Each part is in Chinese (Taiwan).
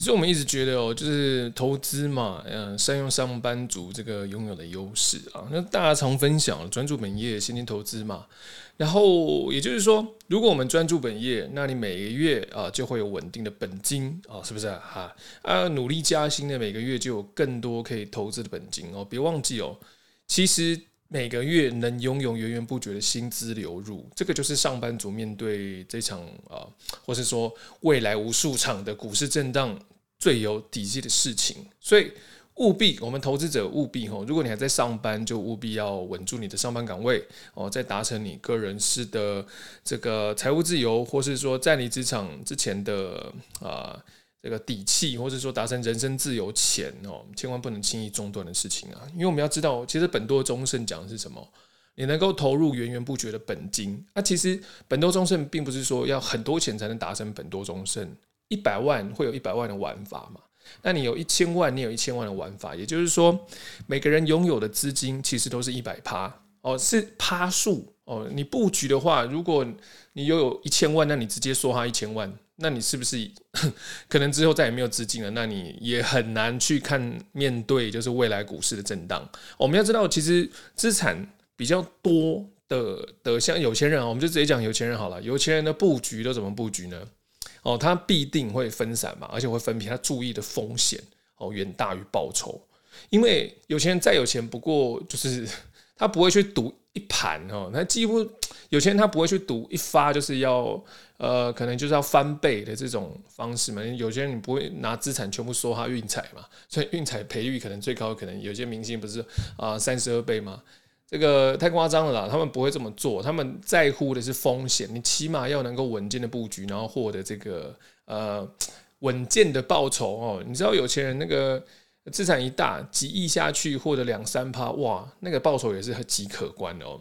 其實我們一直覺得哦，就是投資嘛，嗯，善用上班族這個擁有的優勢啊。那大俠常分享專注本業，現金投資嘛。然後也就是說，如果我們專注本業，那你每個月啊就會有穩定的本金啊，是不是啊？啊，努力加薪的每個月就有更多可以投資的本金哦。別忘記哦，其實每個月能擁有源源不絕的薪資流入，這個就是上班族面對這場啊，或是說未來無數場的股市震盪。最有底氣的事情，所以務必我們投資者務必吼，如果你還在上班，就務必要穩住你的上班崗位哦，在達成你個人式的這個財務自由，或是說在你職場之前的啊、呃、這個底氣，或是說達成人身自由前哦，千萬不能輕易中斷的事情啊，因為我們要知道，其實本多終勝講的是什麼？你能夠投入源源不絕的本金，那、啊、其實本多終勝並不是說要很多錢才能達成本多終勝。一百萬會有一百萬的玩法嘛？那你有一千萬，你有一千萬的玩法。也就是說，每個人擁有的資金其實都是一百趴哦，喔、是趴數哦。數喔、你佈局的話，如果你擁有一千萬，那你直接說它一千萬，那你是不是可能之後再也沒有資金了？那你也很難去看面對就是未來股市的震盪、喔。我們要知道，其實資產比較多的的像有錢人啊、喔，我們就直接講有錢人好了。有錢人的佈局都怎麼佈局呢？哦，他必定會分散嘛，而且會分批。他注意的風險哦，遠大於報酬。因為有錢人再有錢，不過就是他不會去賭一盤哦，他幾乎有錢人他不會去賭一發，就是要呃，可能就是要翻倍的這種方式嘛。有些人你不會拿資產全部梭哈運彩嘛，所以運彩培育可能最高，可能有些明星不是啊三十二倍嗎？這個太誇張了啦！他們不會這麼做，他們在乎的是風險。你起碼要能夠穩健的布局，然後獲得這個呃穩健的報酬哦。你知道有錢人那個資產一大幾億下去，獲得兩三趴，哇，那個報酬也是很極可觀的哦。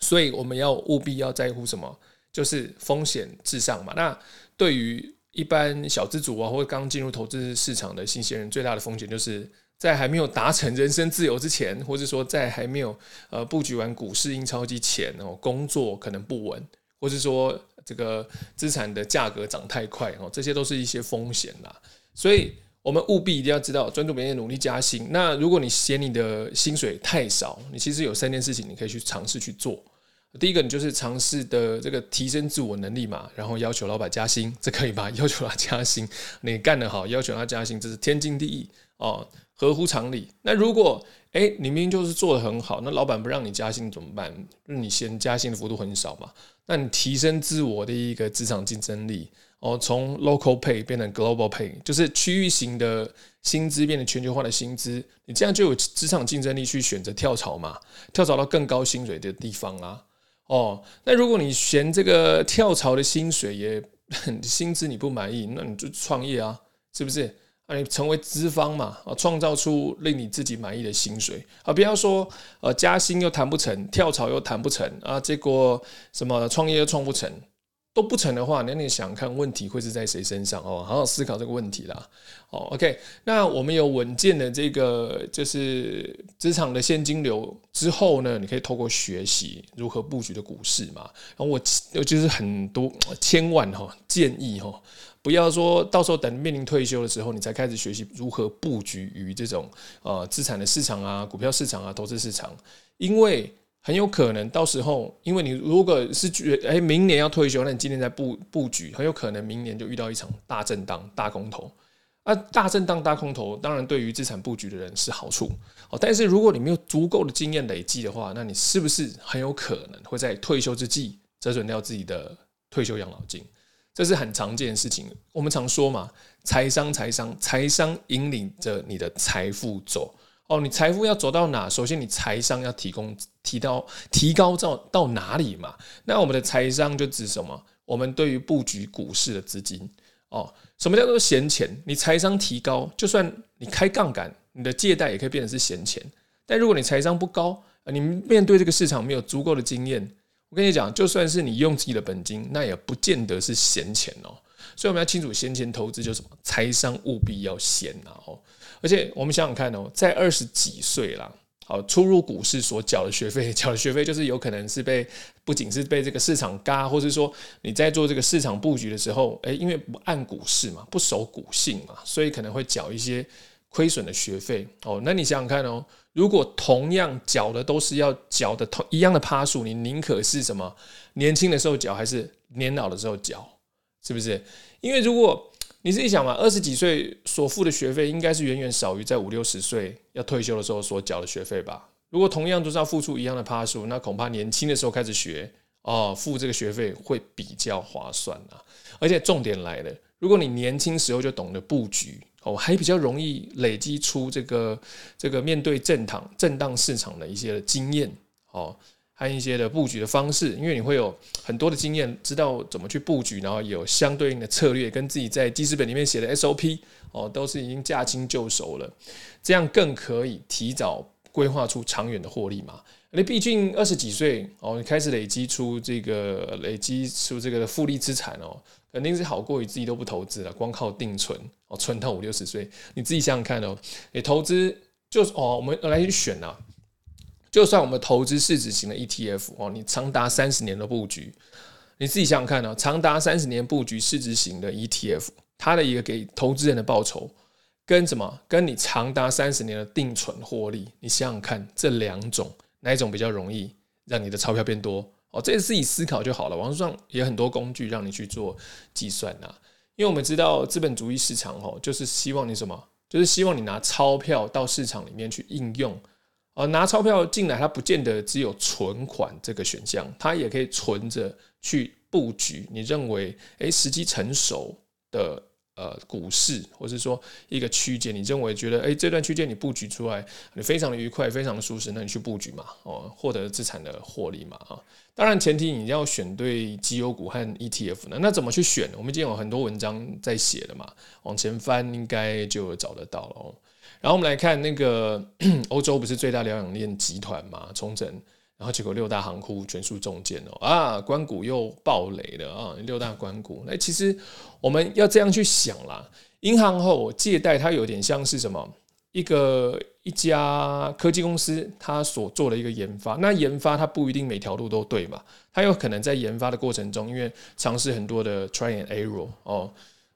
所以我們要務必要在乎什麼，就是風險至上嘛。那對於一般小資族啊，或者剛進入投資市場的新鮮人，最大的風險就是。在還沒有達成人生自由之前，或是說在還沒有呃布局完股市印鈔機之前哦，工作可能不穩，或是說這個資產的價格漲太快哦，這些都是一些風險啦。所以，我們務必一定要知道，專注每天努力加薪。那如果你嫌你的薪水太少，你其實有三件事情你可以去嘗試去做。第一個，你就是嘗試的這個提升自我能力嘛，然後要求老板加薪，這可以吧？要求他加薪，你幹得好，要求他加薪，這是天經地義哦。合乎常理。那如果欸，你明明就是做得很好，那老闆不讓你加薪怎麼辦？那你嫌加薪的幅度很少嘛？那你提升自我的一個職場競爭力哦，從 local pay 變成 global pay，就是區域型的薪資變成全球化的薪資，你這樣就有職場競爭力去選擇跳槽嘛？跳槽到更高薪水的地方啦。哦，那如果你嫌這個跳槽的薪水也薪資你不滿意，那你就創業啊，是不是？你成為資方嘛創造出令你自己滿意的薪水啊，不要說呃，加薪又談不成，跳槽又談不成啊，結果什麼創業又創不成，都不成的話，那你想看問題會是在誰身上哦？好好思考這個問題啦。哦，OK，那我們有穩健的這個就是職場的現金流之後呢，你可以透過學習如何布局的股市嘛。然後我就是很多千萬哈建議哈。不要說到時候等面臨退休的時候，你才開始學習如何布局於這種呃資產的市場啊、股票市場啊、投資市場，因為很有可能到時候，因為你如果是覺得哎、欸、明年要退休，那你今天在布布局，很有可能明年就遇到一場大震蕩、大空頭。那、啊、大震蕩、大空頭，當然對於資產布局的人是好處，哦，但是如果你沒有足夠的經驗累積的話，那你是不是很有可能會在退休之際折損掉自己的退休養老金？這是很常見的事情。我們常說嘛，財商、財商、財商引領着你的財富走。哦，你財富要走到哪？首先，你財商要提供、提到、提高到到哪裡嘛？那我們的財商就指什麼？我們對於布局股市的資金哦，什麼叫做閒錢？你財商提高，就算你開槓桿，你的借貸也可以變成是閒錢。但如果你財商不高，你面對這個市場沒有足夠的經驗。我跟你講，就算是你用自己的本金，那也不見得是閒錢哦、喔。所以我們要清楚，閒錢投資就是什麼財商務必要閒哦、喔。而且我們想想看哦、喔，在二十幾歲啦，好，初入股市所繳的學費，繳的學費就是有可能是被，不僅是被這個市場嘎，或是說你在做這個市場佈局的時候、欸，因為不按股市嘛，不熟股性嘛，所以可能會繳一些。虧損的學費哦，那你想想看哦，如果同樣繳的都是要繳的同一樣的趴數，你寧可是什麼？年輕的時候繳，還是年老的時候繳？是不是？因為如果你自己想嘛，二十幾歲所付的學費應該是遠遠少於在五六十歲要退休的時候所繳的學費吧？如果同樣都是要付出一樣的趴數，那恐怕年輕的時候開始學哦，付這個學費會比較划算啊！而且重點來了，如果你年輕時候就懂得布局。哦，還比較容易累積出這個這個面對震盪、震盪市場的一些的經驗，哦，還有一些的佈局的方式，因為你會有很多的經驗，知道怎麼去佈局，然後有相對應的策略，跟自己在記事本裡面寫的 SOP，哦，都是已經駕輕就熟了，這樣更可以提早規劃出長遠的獲利嘛？你畢竟二十幾歲，哦，你開始累積出這個累積出這個的複利資產哦。肯定是好過於自己都不投資了，光靠定存哦，存到五六十歲，你自己想想看哦。你投資就是哦，我們來選啊。就算我們投資市值型的 ETF 哦，你長達三十年的佈局，你自己想想看哦，長達三十年佈局市值型的 ETF，它的一個給投資人的報酬跟什麼？跟你長達三十年的定存獲利，你想想看，這兩種哪一種比較容易讓你的鈔票變多？哦，這自己思考就好了。網絡上也很多工具讓你去做計算吶、啊，因為我們知道資本主義市場哦，就是希望你什麼，就是希望你拿鈔票到市場裡面去應用。呃、哦，拿鈔票進來，它不見得只有存款這個選項，它也可以存着去佈局。你認為，誒、欸，時機成熟的？呃，股市，或是說一個區間，你認為覺得，哎、欸，這段區間你布局出來，你非常的愉快，非常的舒適，那你去布局嘛，哦，獲得資產的獲利嘛，哈、哦，當然前提你要選對績優股和 ETF 呢，那怎麼去選？我們已經有很多文章在寫的嘛，往前翻應該就有找得到了哦。然後我們來看那個歐洲不是最大療養鏈集團嘛，重整。然後結果六大行庫全數中箭哦、喔、啊，公股又暴雷了啊、喔！六大公股，那其實我們要這樣去想啦，銀行後借貸它有點像是什麼？一個一家科技公司它所做的一個研發，那研發它不一定每條路都對嘛，它有可能在研發的過程中，因為嘗試很多的 try and error 哦、喔。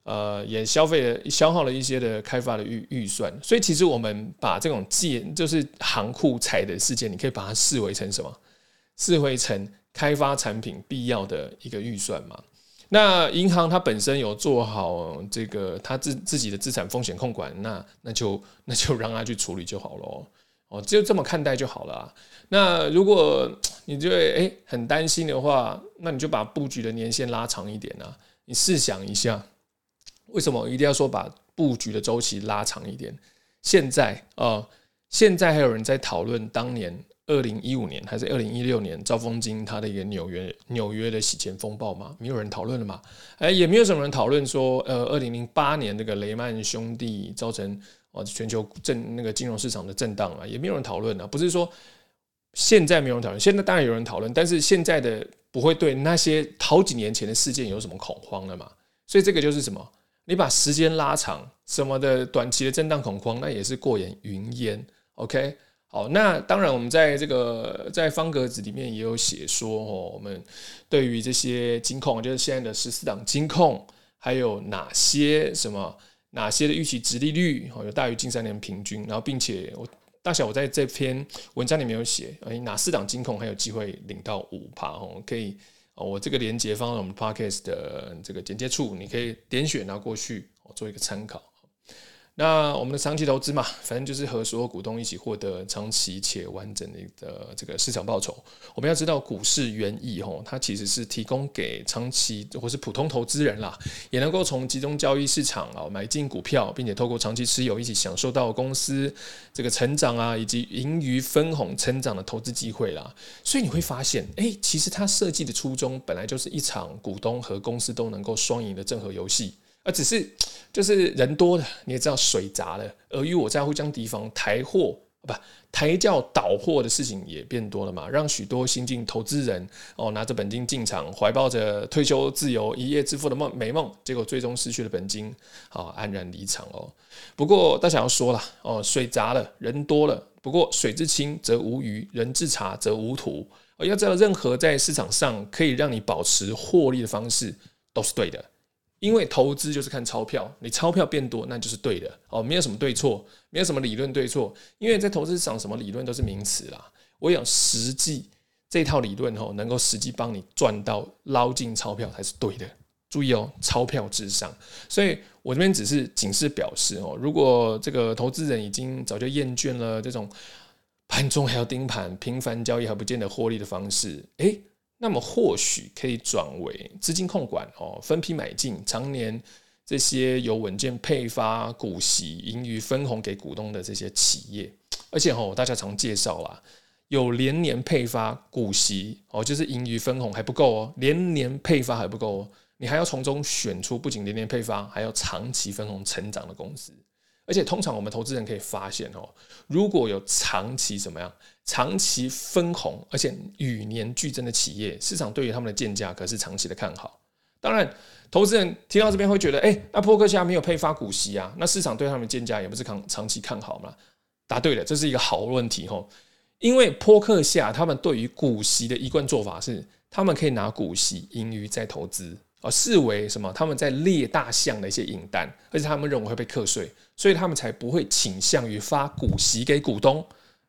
呃，也消費了消耗了一些的開發的預預算，所以其實我們把這種借就是行庫踩的事件，你可以把它視為成什麼？視為成開發產品必要的一個預算嘛？那銀行它本身有做好這個，它自自己的資產風險控管，那那就那就讓它去處理就好囉，哦，就這麼看待就好了啊。那如果你就會誒、欸、很擔心的話，那你就把布局的年限拉長一點啊，你試想一下。為什麼一定要說把布局的週期拉長一點？現在，呃，現在還有人在討論當年二零一五年還是二零一六年，兆豐金，它的一個紐約紐約的洗錢風暴嗎？沒有人討論了嘛？哎，也沒有什麼人討論說，呃，二零零八年那個雷曼兄弟造成哦、呃、全球振那個金融市場的震盪了嗎，也沒有人討論了。不是說現在沒有人討論，現在當然有人討論，但是現在的不會對那些好幾年前的事件有什麼恐慌了嘛？所以這個就是什麼？你把時間拉長，什麼的短期的震盪恐慌，那也是過眼雲煙。OK，好，那當然我們在這個在方格子裡面也有寫說哦，我們對於這些金控，就是現在的十四檔金控，還有哪些什麼哪些的預期殖利率，哦，有大於近三年平均，然後並且我大俠我在這篇文章裡面有寫，哎，哪四檔金控還有機會領到五趴哦，可以。我這個連結放我們 podcast 的這個簡介處，你可以點選拿過去，做一個參考。那我們的長期投資嘛，反正就是和所有股東一起獲得長期且完整的這個市場報酬。我們要知道，股市原意，它其實是提供給長期或是普通投資人啦，也能夠從集中交易市場啊買進股票，並且透過長期持有，一起享受到公司這個成長啊，以及盈餘分紅成長的投資機會啦。所以你會發現，欸，其實它設計的初衷本來就是一場股東和公司都能夠雙贏的正和遊戲。只是就是人多了，你也知道水雜了，爾虞我詐，互相提防抬貨，不抬轎倒貨的事情也變多了嘛，讓許多新進投資人哦拿着本金進場，懷抱着退休自由一夜致富的夢美夢，結果最終失去了本金，好、哦、黯然離場哦。不過大俠要說了哦，水雜了人多了，不過水至清則無魚，人至察則無徒。哦，要知道任何在市場上可以讓你保持獲利的方式都是對的。因為投資就是看鈔票，你鈔票變多那就是對的哦，沒有什麼對錯，沒有什麼理論對錯，因為在投資上什麼理論都是名詞啦。我有實際這套理論哦，能夠實際幫你賺到撈進鈔票才是對的。注意哦，鈔票至上。所以我這邊只是警示表示哦，如果這個投資人已經早就厭倦了這種盤中還要盯盤、頻繁交易還不見得獲利的方式，誒那麼或許可以轉為資金控管哦，分批買進，常年這些有穩健配發股息、盈餘分紅給股東的這些企業，而且哦，大家常介紹啊，有連年配發股息哦，就是盈餘分紅還不夠哦，連年配發還不夠哦，你還要從中選出不僅連年配發，還要長期分紅成長的公司。而且通常我們投資人可以發現哦，如果有長期怎麼樣，長期分紅而且與年俱增的企業，市場對於他們的建價可是長期的看好。當然，投資人聽到這邊會覺得，哎、欸，那波克夏沒有配發股息啊，那市場對他們建價也不是長長期看好嘛？答對了，這是一個好問題哦，因為波克夏他們對於股息的一貫做法是，他們可以拿股息盈餘再投資。而、哦、視為什麼？他們在列大項的一些盈單，而且他們認為會被課稅，所以他們才不會傾向於發股息給股東。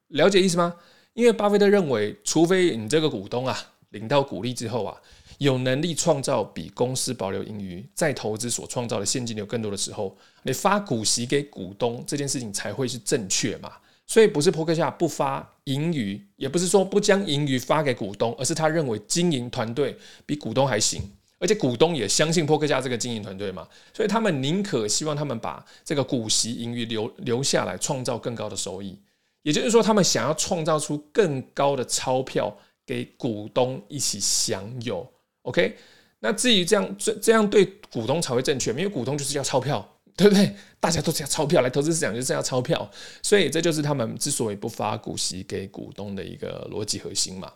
了解意思嗎？因為巴菲特認為，除非你這個股東啊領到股利之後啊，有能力創造比公司保留盈餘再投資所創造的現金流更多的時候，你發股息給股東這件事情才會是正確嘛。所以不是波克夏不發盈餘，也不是說不將盈餘發給股東，而是他認為經營團隊比股東還行。而且股東也相信波克夏這個經營團隊嘛，所以他們寧可希望他們把這個股息盈餘留留下來，創造更高的收益。也就是說，他們想要創造出更高的鈔票給股東一起享有。OK，那至於這樣這這樣對股東才會正確，因為股東就是要鈔票，對不對？大家都要鈔票來投資市場，就是要鈔票，所以這就是他們之所以不發股息給股東的一個邏輯核心嘛。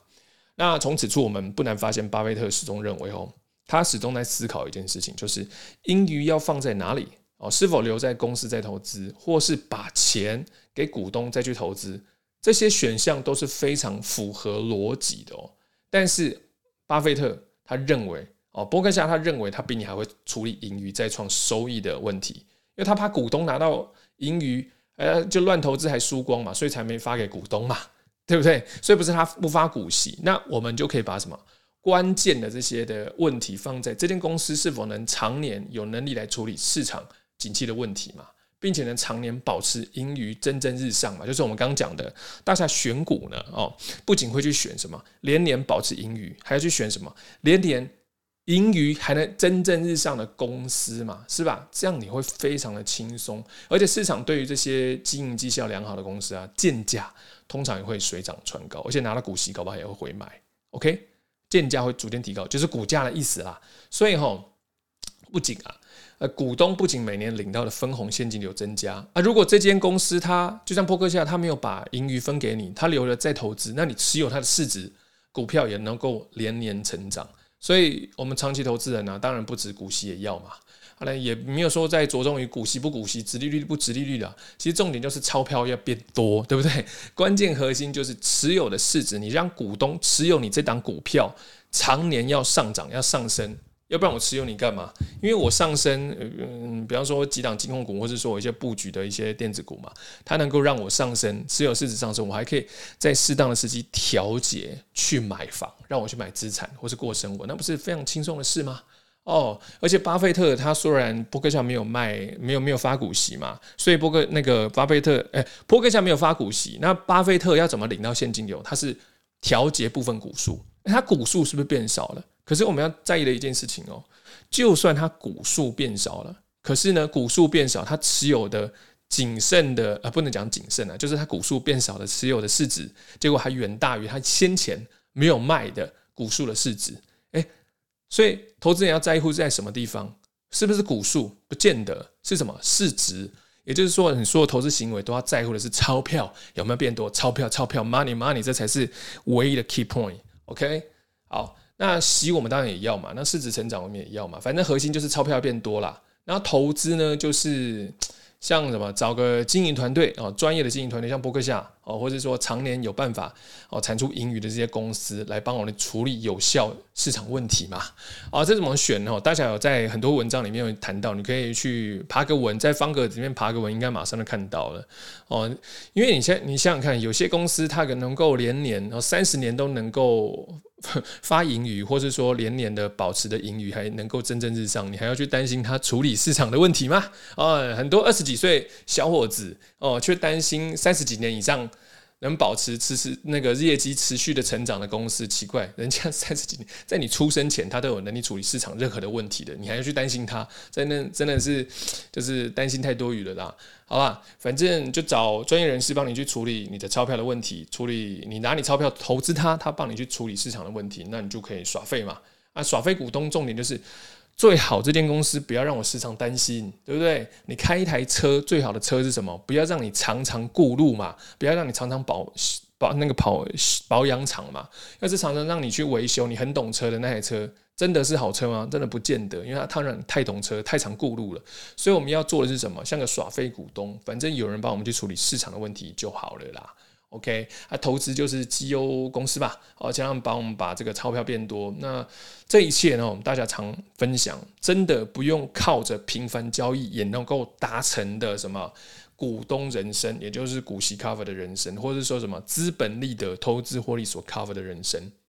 那從此處我們不難發現，巴菲特始終認為哦。他始終在思考一件事情，就是盈餘要放在哪裡哦？是否留在公司再投資，或是把錢給股東再去投資？這些選項都是非常符合邏輯的哦、喔。但是，巴菲特他認為哦，波克夏他認為他比你還會處理盈餘再創收益的問題，因為他怕股東拿到盈餘，呃，就亂投資還輸光嘛，所以才沒發給股東嘛，對不對？所以不是他不發股息，那我們就可以把什麼？關鍵的這些的問題放在這間公司是否能常年有能力來處理市場景氣的問題嘛，並且能常年保持盈餘蒸蒸日上嘛？就是我們剛講的，大家選股呢哦、喔，不僅會去選什麼連年保持盈餘，還要去選什麼連年盈餘還能蒸蒸日上的公司嘛，是吧？這樣你會非常的輕鬆，而且市場對於這些經營績效良好的公司啊，價通常也會水漲船高，而且拿到股息搞不好也會回買。OK。現價會逐漸提高，就是股價的意思啦。所以吼，不僅啊，股東不僅每年領到的分紅現金流增加啊，如果這間公司它就像波克夏，它沒有把盈餘分給你，它留了再投資，那你持有它的市值股票也能夠連年成長。所以，我們長期投資人呢、啊，當然不止股息也要嘛。後來也沒有說再着重於股息不股息，殖利率不殖利率的、啊。其實重點就是鈔票要變多，對不對？關鍵核心就是持有的市值，你讓股東持有你這檔股票，常年要上漲，要上升，要不然我持有你幹嘛？因為我上升，嗯，比方說幾檔金融股，或者說我一些布局的一些電子股嘛，它能夠讓我上升，持有市值上升，我還可以在適當的時機調節去買房，讓我去買資產或是過生活，那不是非常輕鬆的事嗎？哦，而且巴菲特他雖然波克夏沒有賣，沒有沒有發股息嘛，所以波克那個巴菲特，哎、欸，波克夏沒有發股息，那巴菲特要怎麼領到現金流？他是調節部分股數，欸，他股數是不是變少了？可是我們要在意的一件事情哦、喔，就算他股數變少了，可是呢，股數變少，他持有的謹慎的，呃、不能講謹慎啊，就是他股數變少了持有的市值，結果還遠大於他先前沒有賣的股數的市值。所以，投資人要在乎在什麼地方，是不是股數？不見得。是什麼？市值。也就是說，你所有投資行為都要在乎的是鈔票有沒有變多，鈔票、鈔票、money、money，這才是唯一的 key point。OK，好，那息我們當然也要嘛，那市值成長我們也要嘛，反正核心就是鈔票要變多啦。然後投資呢，就是。像什麼找個經營團隊啊，專、哦、業的經營團隊，像波克夏哦，或者說常年有辦法哦產出盈餘的這些公司，來幫我們處理有效市場問題嘛？啊、哦，這怎麼選呢、哦？大家有在很多文章裡面有談到，你可以去爬個文，在方格子裡面爬個文，應該馬上就看到了哦，因為你現你想想看，有些公司它能夠連年哦三十年都能夠。發盈餘，或是說連年的保持的盈餘還能夠蒸蒸日上，你還要去擔心他處理市場的問題嗎？哦，很多二十幾歲小伙子哦，卻擔心三十幾年以上。能保持持續那個業績持續的成長的公司，奇怪，人家三十幾年在你出生前，他都有能力處理市場任何的問題的，你還要去擔心他？真的真的是，就是擔心太多餘了啦。好吧，反正就找專業人士幫你去處理你的鈔票的問題，處理你拿你鈔票投資他，他幫你去處理市場的問題，那你就可以耍廢嘛。啊，耍廢股東重點就是。最好這間公司不要讓我時常擔心，對不對？你開一台車，最好的車是什麼？不要讓你常常顧路嘛，不要讓你常常保保那個跑保養廠嘛，要是常常讓你去維修，你很懂車的那台車，真的是好車嗎？真的不見得，因為它讓你太懂車，太常顧路了。所以我們要做的是什麼？像個耍廢股東，反正有人幫我們去處理市場的問題就好了啦。OK，那、啊、投資就是績優公司吧，哦，叫他們幫我們把這個鈔票變多。那這一切呢，我們大家常分享，真的不用靠着頻繁交易也能夠達成的什麼股東人生，也就是股息 cover 的人生，或者說什麼資本利得投資獲利所 cover 的人生。